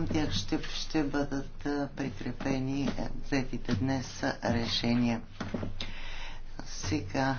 към тях ще, ще бъдат прикрепени е, взетите днес решения. Сега